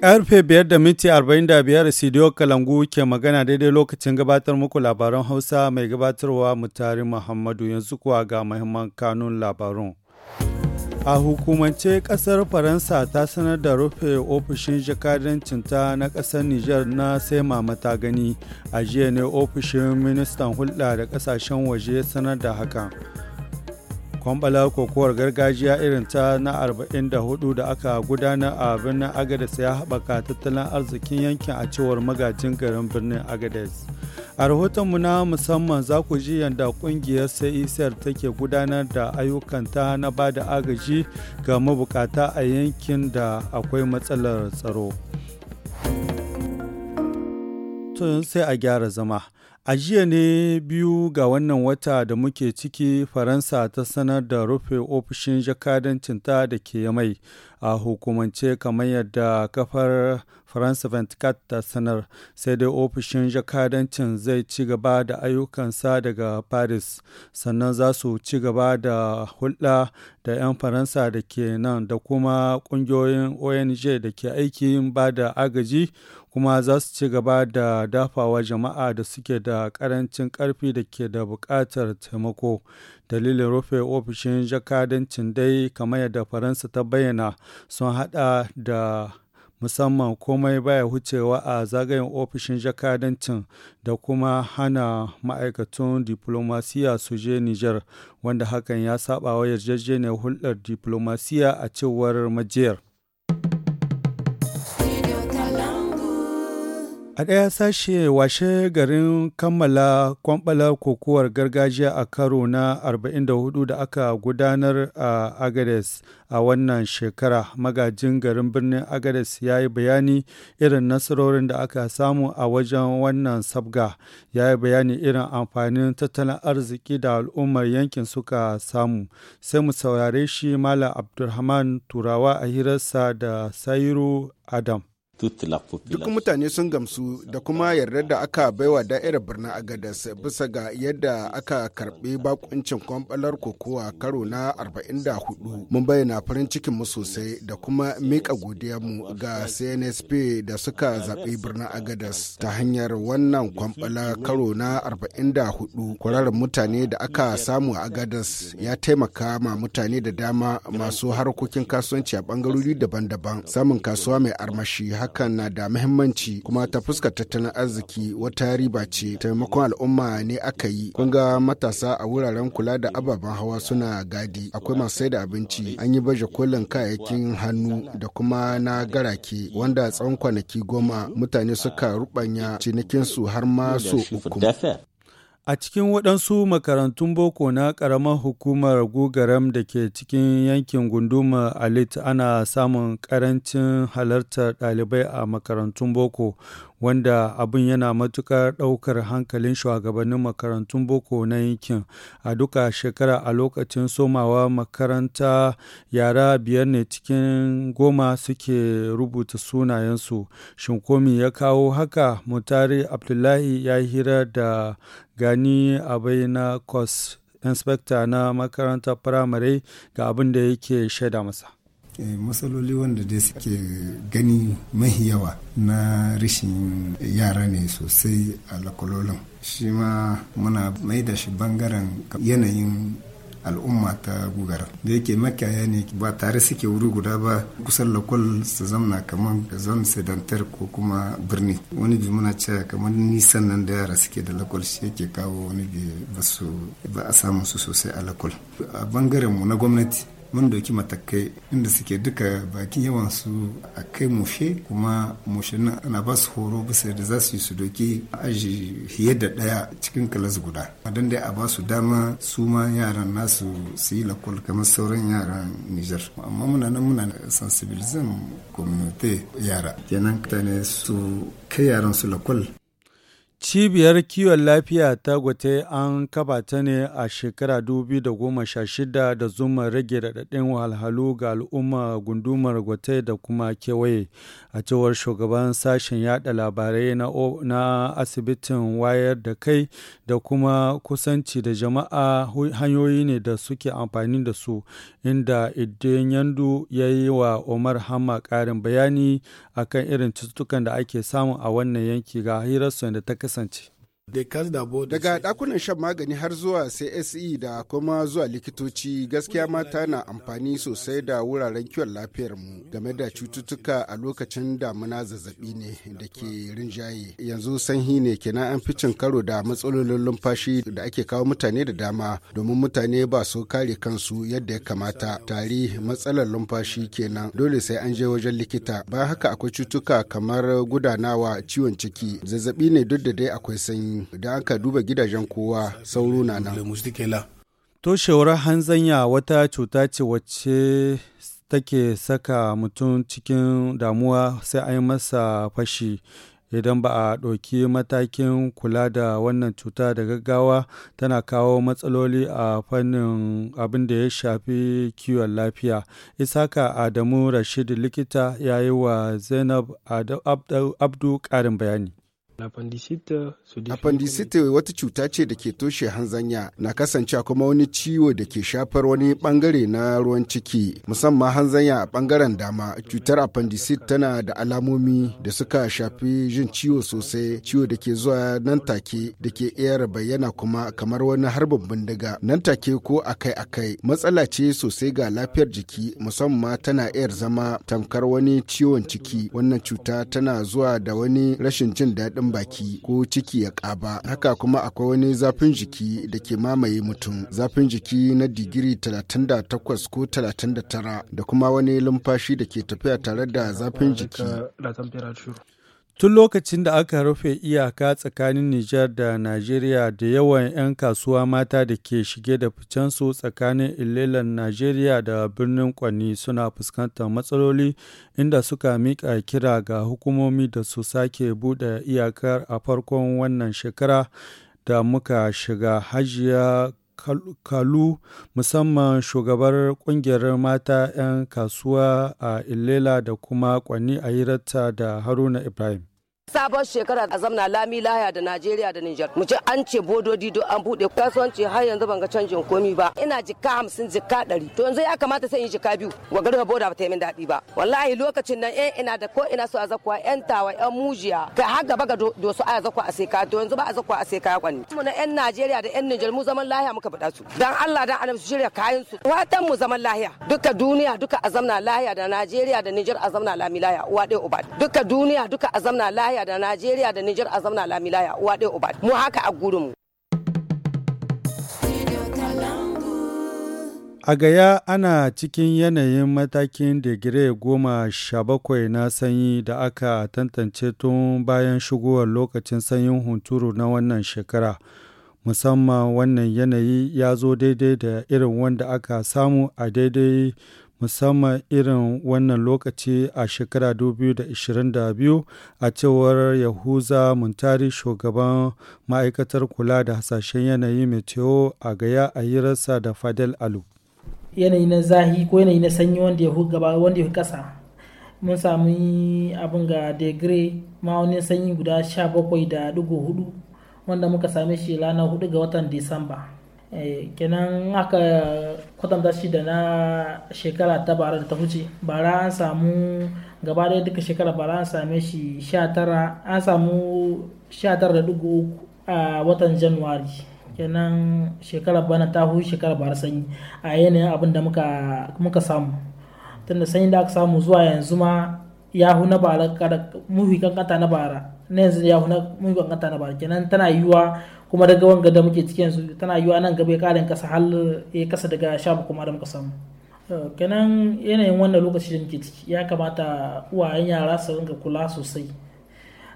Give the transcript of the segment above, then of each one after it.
Karfe 5 da minti 45 Sidiyo Kalangu ke magana daidai lokacin gabatar muku labaran Hausa mai gabatarwa mutari Muhammadu yanzu kuwa ga mahimman kanun labarun. A hukumance kasar Faransa ta sanar da rufe ofishin ta na kasar Nijar na sai mamata gani. A jiya ne ofishin ministan hulɗa da ƙasashen waje sanar da hakan. kwambalar kokowar gargajiya irin ta na 44 da aka gudanar a birnin agadez ya haɓaka tattalin arzikin yankin a cewar magajin garin birnin agadez a rahotonmu na musamman za ku ji yadda kungiyar cecr take gudanar da ayyukanta na ba da agaji ga mabukata a yankin da akwai matsalar tsaro tun sai a gyara zama. A jiya ne biyu ga wannan wata da muke ciki Faransa ta sanar da rufe ofishin jakadancinta da ke mai a hukumance kamar yadda kafar faransa 24 ta sanar sai dai ofishin jakadancin zai ci gaba da ayyukansa daga paris sannan za su ci gaba da hulɗa da 'yan faransa da ke nan da kuma ƙungiyoyin ong da ke aikin ba da agaji kuma za su ci gaba da dafawa jama'a da suke da karancin karfi da ke da buƙatar taimako dalilin rufe ofishin jakadancin dai kamar yadda faransa ta bayyana sun haɗa da musamman komai baya wucewa a zagayen ofishin jakadancin da kuma hana ma'aikatun diplomasiya su je Nijar, wanda hakan ya saba wa yarjejeniyar hulɗar diplomasiya a cewar majiyar. A ɗaya sashe washe garin kammala kwambala kokowar gargajiya a karo na 44 da aka gudanar a Agades a wannan shekara magajin garin birnin Agades ya yi bayani irin nasarorin da aka samu a wajen wannan sabga ya yi bayani irin amfanin tattalin arziki da al'ummar yankin suka samu sai mu saurare shi Malam Abdulrahman Turawa a hirarsa da Sairu Adam. Duk mutane sun gamsu da kuma yarda da aka baiwa da'irar birnin Agadas bisa ga yadda aka karbi bakuncin kwamfalar kokowa karo na 44. Mun bayyana farin cikin mu sosai da kuma miƙa mu ga CNSP da suka zaɓi birnin Agadas ta hanyar wannan kwamfala karo na 44. kwararar mutane da aka samu a Agadas ya taimaka ma mutane da dama masu harkokin kasuwanci a ɓangarori daban-daban samun kasuwa mai armashi hakan na da muhimmanci kuma ta fuskar tattalin arziki wata riba ce taimakon al'umma ne aka yi kun ga matasa a wuraren kula da ababen hawa suna gadi akwai masu sai da abinci an yi baje kolin kayayyakin hannu da kuma na garake wanda tsawon kwanaki goma mutane suka rubanya cinikinsu har ma so uku A cikin waɗansu makarantun boko na ƙaramar hukumar Gugaram da ke cikin yankin gunduma Alit ana samun ƙarancin halartar ɗalibai a makarantun boko. wanda abin yana matukar ɗaukar hankalin shugabannin makarantun boko na yankin a duka shekara a lokacin somawa makaranta yara biyar ne cikin goma suke rubuta sunayensu shinkomi ya kawo haka mutari abdullahi ya hira da gani a na kos inspekta na makarantar firamare ga abin da yake shaida masa Eh, matsaloli wanda dai suke gani mahi yawa na rishin yara ne sosai a lakololin. shi ma muna mai da shi bangaren yanayin al'umma ta gugara da yake makiyaya ne ba tare suke wuri guda ba kusan lakol su zamna kamar zan sedantar ko kuma birni wani bi muna cewa kamar nisan nan da yara suke da lokal shi yake kawo wani bi ba a samun su sosai a lakol. a bangaren mu na gwamnati mun dauki matakai inda suke duka bakin yawan su a kai mushe kuma mushe nan ana ba su horo bisa da za su yi su doki aji fiye da daya cikin kalas guda don dai a ba su dama su ma yaran nasu su yi lakol kamar sauran yaran Nijar amma muna nan muna sensibilizan community yara kenan ne su kai yaran su lakol Cibiyar kiwon lafiya ta Gwate an kafa ta ne a shekara 2016 da zuma rage raɗaɗin wahalhalu ga al'umma gundumar Gwate da kuma kewaye, a cewar shugaban sashen yada labarai na, asibitin wayar da kai da kuma kusanci da jama'a hanyoyi ne da suke amfani da su, inda idan Yandu ya yi wa Omar Hama ƙarin bayani akan irin cututtukan da ake samu a wannan yanki ga hirarsu da ta interessante. Daga dakunan shan magani har zuwa CSE da kuma zuwa likitoci gaskiya mata na amfani sosai da wuraren kiwon lafiyar mu game da cututtuka a lokacin damuna zazzabi ne da ke rinjaye. Yanzu sanhi ne kenan an fi cin karo da matsalolin numfashi da ake kawo mutane da dama domin mutane ba su kare kansu yadda ya kamata. Tari matsalar lumfashi kenan dole sai an je wajen likita. Bayan haka akwai cutuka kamar gudanawa ciwon ciki zazzabi ne duk da dai akwai sanyi. idan aka duba gidajen kowa sauro na nan toshewar hanzanya wata cuta ce wacce take saka mutum cikin damuwa sai an yi masa fashi idan ba a ɗauki matakin kula da wannan cuta da gaggawa tana kawo matsaloli a fannin abin da ya shafi kiwon lafiya isaka adamu rashid likita ya yi wa zainab abdu ƙarin bayani Appendicite wata cuta ce da ke toshe hanzanya na kasance kuma wani ciwo da ke shafar wani bangare na ruwan ciki musamman hanzanya a bangaren dama. Cutar appendicite tana da alamomi da suka shafi jin ciwo sosai ciwo da ke zuwa nan take da ke iya bayyana kuma kamar wani harbin bindiga nan take ko akai-akai matsala ce sosai ga lafiyar jiki musamman tana iya zama tamkar wani ciwon ciki wannan cuta tana zuwa da wani rashin jin daɗin baki ko ciki ya ƙaba haka kuma akwai wani zafin jiki da ke mamaye mutum zafin jiki na digiri 38 ko 39 da kuma wani lumfashi da ke tafiya tare da zafin jiki Tun lokacin da aka rufe iyaka tsakanin Nijar da Najeriya da yawan 'yan kasuwa mata da ke shige da ficensu tsakanin ilelan Najeriya da birnin Kwani suna fuskantar matsaloli inda suka miƙa kira ga hukumomi da su sake buɗe iyakar a farkon wannan shekara da muka shiga hajiya kalu musamman shugabar kungiyar mata 'yan kasuwa a ilela da kuma kwani a hirarta da haruna ibrahim sabon shekara a zamna lami laya da najeriya da niger mu ce an ce bododi duk an bude kasuwanci har yanzu ban ga canjin komi ba ina jika hamsin jika ɗari to yanzu ya kamata sai in jika biyu wa garba boda ba ta yi min daɗi ba wallahi lokacin nan yan eh, ina da ko ina so a zakwa yan tawa yan mujiya kai har gaba ga dosu a zakwa a seka to yanzu ba a zakwa a seka kwani mu na yan najeriya da yan niger mu zaman lahiya muka faɗa su dan allah dan annabi su shirya kayan su watan mu zaman lahiya duka duniya duka a zamna lahiya da najeriya da niger a zamna lami lahiya uwa ɗaya uba duka duniya duka a zamna lahiya Somalia da Najeriya da Niger a zauna lamilaya uwa ɗaya uba mu haka a gurin mu. A gaya ana cikin yanayin matakin digire goma sha bakwai na sanyi da aka tantance tun bayan shigowar lokacin sanyin hunturu na wannan shekara. Musamman wannan yanayi ya zo daidai da irin wanda aka samu a daidai musamman irin wannan lokaci a shekara 2022 a cewar yahuza muntari shugaban ma'aikatar kula da hasashen yanayi meteo a gaya a hirarsa da fadel alu yanayi na zahi ko yanayi na sanyi wanda ya gaba wanda ya kasa mun sami abin ga degree ma'aunin sanyi guda 17.4 wanda muka same shi ranar 4 ga watan disamba Eh, kenan aka kwatanta shi da na shekara ta bara da ta huce bara an samu gaba da duka shekara bara an same shi tara an samu tara da dugu a watan januwari kenan shekara bana ta hu shekara bara sanyi a yanayin abin da muka samu tunda sanyi da aka samu zuwa yanzu ma ya hu na bara muhi kankanta na bara na yanzu ya hu na muhi kankanta na bara kenan tana yiwuwa kuma daga wanga da muke cikin yanzu tana yiwa nan gaba ya karin kasa hal ya kasa daga sha kuma da muka samu kenan yanayin wannan lokaci da muke ciki ya kamata uwayen yara su rinka kula sosai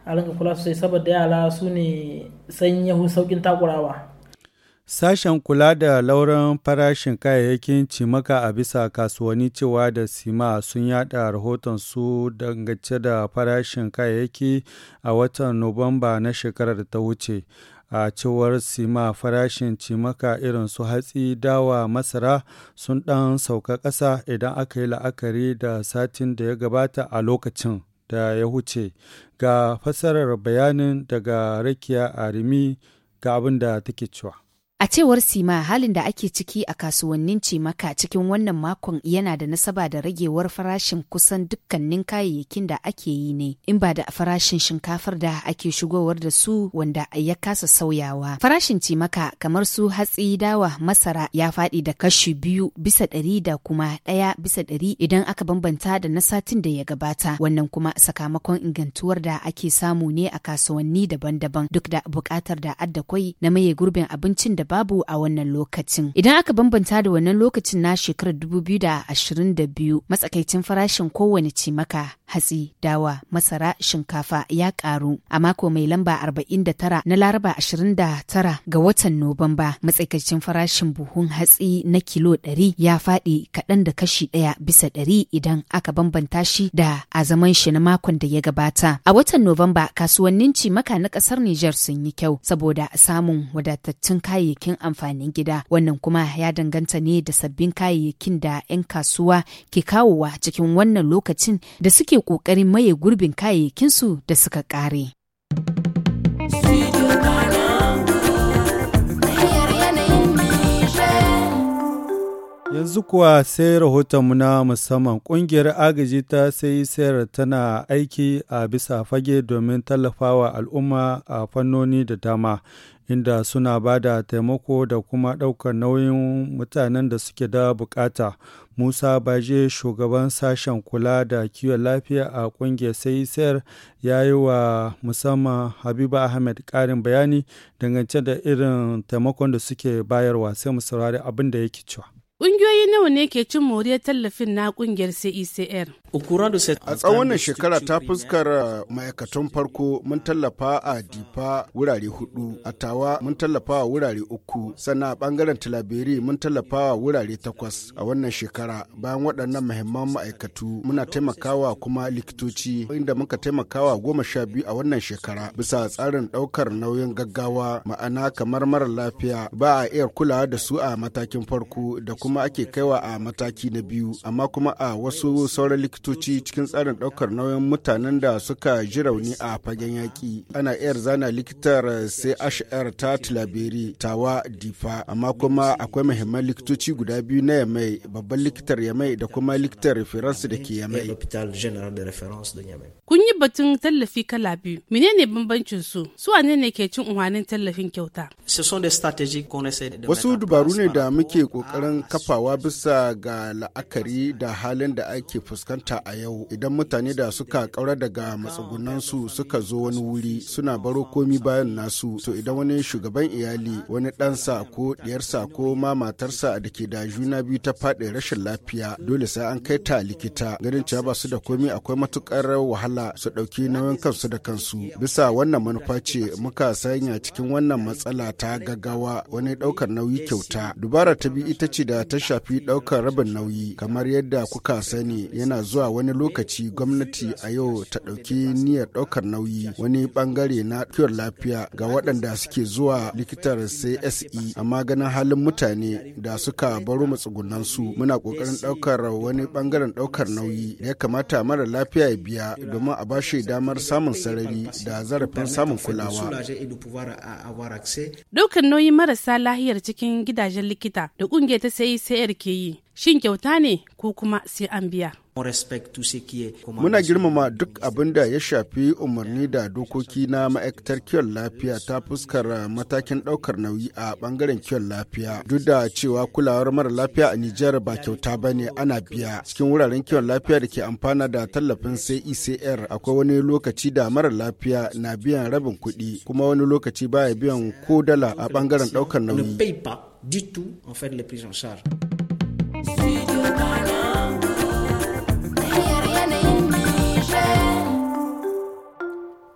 a rinka kula sosai saboda yara su ne sanyahu saukin takurawa Sashen kula da lauran farashin kayayyakin cimaka a bisa kasuwanni cewa da sima sun yada rahoton su dangance da farashin kayayyaki a watan Nuwamba na shekarar ta wuce. a cewar sima farashin cimaka irin su hatsi dawa masara sun ɗan sauka ƙasa idan aka yi la'akari da satin da ya gabata a lokacin da ya huce ga fasarar bayanin daga rakiya a rimi ga abin da take cewa A cewar Sima halin da ake ciki a kasuwannin cimaka cikin wannan makon yana da nasaba da ragewar farashin kusan dukkanin kayayyakin da ake yi ne in ba da farashin shinkafar da ake shigowar da su wanda ya kasa sauyawa. Farashin cimaka kamar su hatsi dawa masara ya faɗi da kashi biyu bisa ɗari da kuma ɗaya bisa ɗari idan aka bambanta da na satin da ya gabata wannan kuma sakamakon ingantuwar da ake samu ne a kasuwanni daban-daban duk da buƙatar da addakwai na maye gurbin abincin da da babu a wannan lokacin. Idan aka bambanta da wannan lokacin na shekarar 2022 matsakaicin farashin kowane cimaka hatsi, dawa, masara, shinkafa ya karu a mako mai lamba 49 na Laraba 29 ga watan Nobamba Matsaikacin farashin buhun hatsi na kilo 100 ya faɗi kaɗan da kashi ɗaya bisa ɗari idan aka bambanta shi da a zaman shi na makon da ya gabata. A watan Nobamba kasuwannin cimaka na ƙasar Nijar sun yi kyau saboda samun wadatattun kayayyakin amfanin gida wannan kuma ya danganta ne da sabbin kayayyakin da 'yan kasuwa ke kawowa cikin wannan lokacin da suke suke ƙoƙarin maye gurbin kayayyakinsu da suka ƙare. yanzu kuwa sai rahotonmu na musamman ƙungiyar agaji ta sai sayar tana aiki a bisa fage domin tallafawa al'umma a fannoni da dama inda suna ba da taimako da kuma ɗaukar nauyin mutanen da suke da bukata. Musa Baje, shugaban sashen kula da kiwon lafiya a ƙungiyar sayar ya yi wa musamman Habiba Ahmed ƙarin bayani dangance da irin taimakon da suke bayarwa sai mu saurari abin da yake cewa. nawa ne ke cin moriyar tallafin na kungiyar CECR? A tsawon shekara ta fuskar uh, ma'aikatan farko mun tallafa a Difa wurare hudu, a Tawa mun tallafa a wurare uku, sannan a bangaren Tilaberi mun tallafa a wurare takwas a wannan shekara. Bayan waɗannan mahimman ma'aikatu muna taimakawa kuma likitoci inda muka taimakawa goma sha biyu a wannan shekara bisa tsarin ɗaukar nauyin gaggawa ma'ana kamar mara lafiya ba a iya kulawa da su a matakin farko da kuma ake kaiwa a mataki na biyu, amma kuma a wasu sauran likitoci cikin tsarin daukar nauyin mutanen da suka ji rauni a fagen yaki Ana iya zana likitar CHR ta Tilaberi, Tawa, Difa, amma kuma akwai muhimman likitoci guda biyu na Yamai, babban likitar Yamai da kuma likitar reference da ke Yamai. Kun yi batun tallafi kala biyu, menene bambancin su? Su wane ne ke cin umarnin tallafin kyauta? Wasu dubaru ne da muke kokarin kafawa bisa ga la'akari da halin da ake fuskanta a yau idan mutane da suka kaura daga matsugunansu suka zo wani wuri suna baro komi bayan nasu to idan wani shugaban iyali wani ɗansa ko ɗiyarsa ko ma matarsa da ke da juna biyu ta faɗi rashin lafiya dole sai an kai ta likita ganin cewa ba su da komi akwai matukar wahala su ɗauki nauyin kansu da kansu bisa wannan manufa ce muka sanya cikin wannan matsala ta gaggawa wani ɗaukar nauyi kyauta dubara ta biyu ita ce da ta shafi shafi ɗaukar rabin nauyi kamar yadda kuka sani yana zuwa wani lokaci gwamnati a yau ta ɗauki niyyar ɗaukar nauyi wani ɓangare na kiwon lafiya ga waɗanda suke zuwa likitar CSE amma ganin halin mutane da suka baro matsugunansu muna ƙoƙarin ɗaukar wani ɓangaren ɗaukar nauyi da ya kamata mara lafiya ya biya domin a bashi damar samun sarari da zarafin samun kulawa. Ɗaukar nauyi marasa lahiyar cikin gidajen likita da ƙungiyar ta sayi sayar ke yi shin kyauta ne ko kuma sai an biya Muna girmama duk abin da ya shafi umarni da dokoki na ma'aikatar kiwon lafiya ta fuskar matakin daukar nauyi a bangaren kiwon lafiya. Duk da cewa kulawar mara lafiya a Nijar ba kyauta ba ne ana biya. Cikin wuraren kiwon lafiya da ke amfana da tallafin CECR akwai wani lokaci da mara lafiya na biyan rabin kuɗi kuma wani lokaci baya biyan ko dala a bangaren daukar nauyi.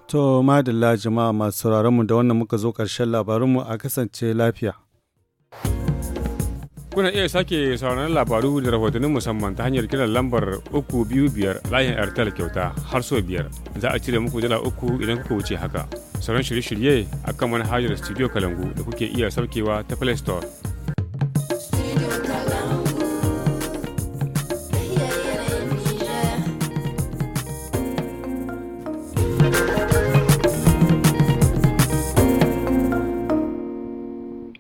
To madalla jama'a masu mu da wannan muka zo ƙarshen labarinmu a kasance lafiya. Kuna iya sake sauraron labaru da rahotannin musamman ta hanyar kiran lambar 325 layin Airtel kyauta har so biyar. Za a cire muku dala uku idan kuka wuce haka. Sauran shirye-shirye a kan manhajar Studio Kalangu da kuke iya saukewa ta Play Store.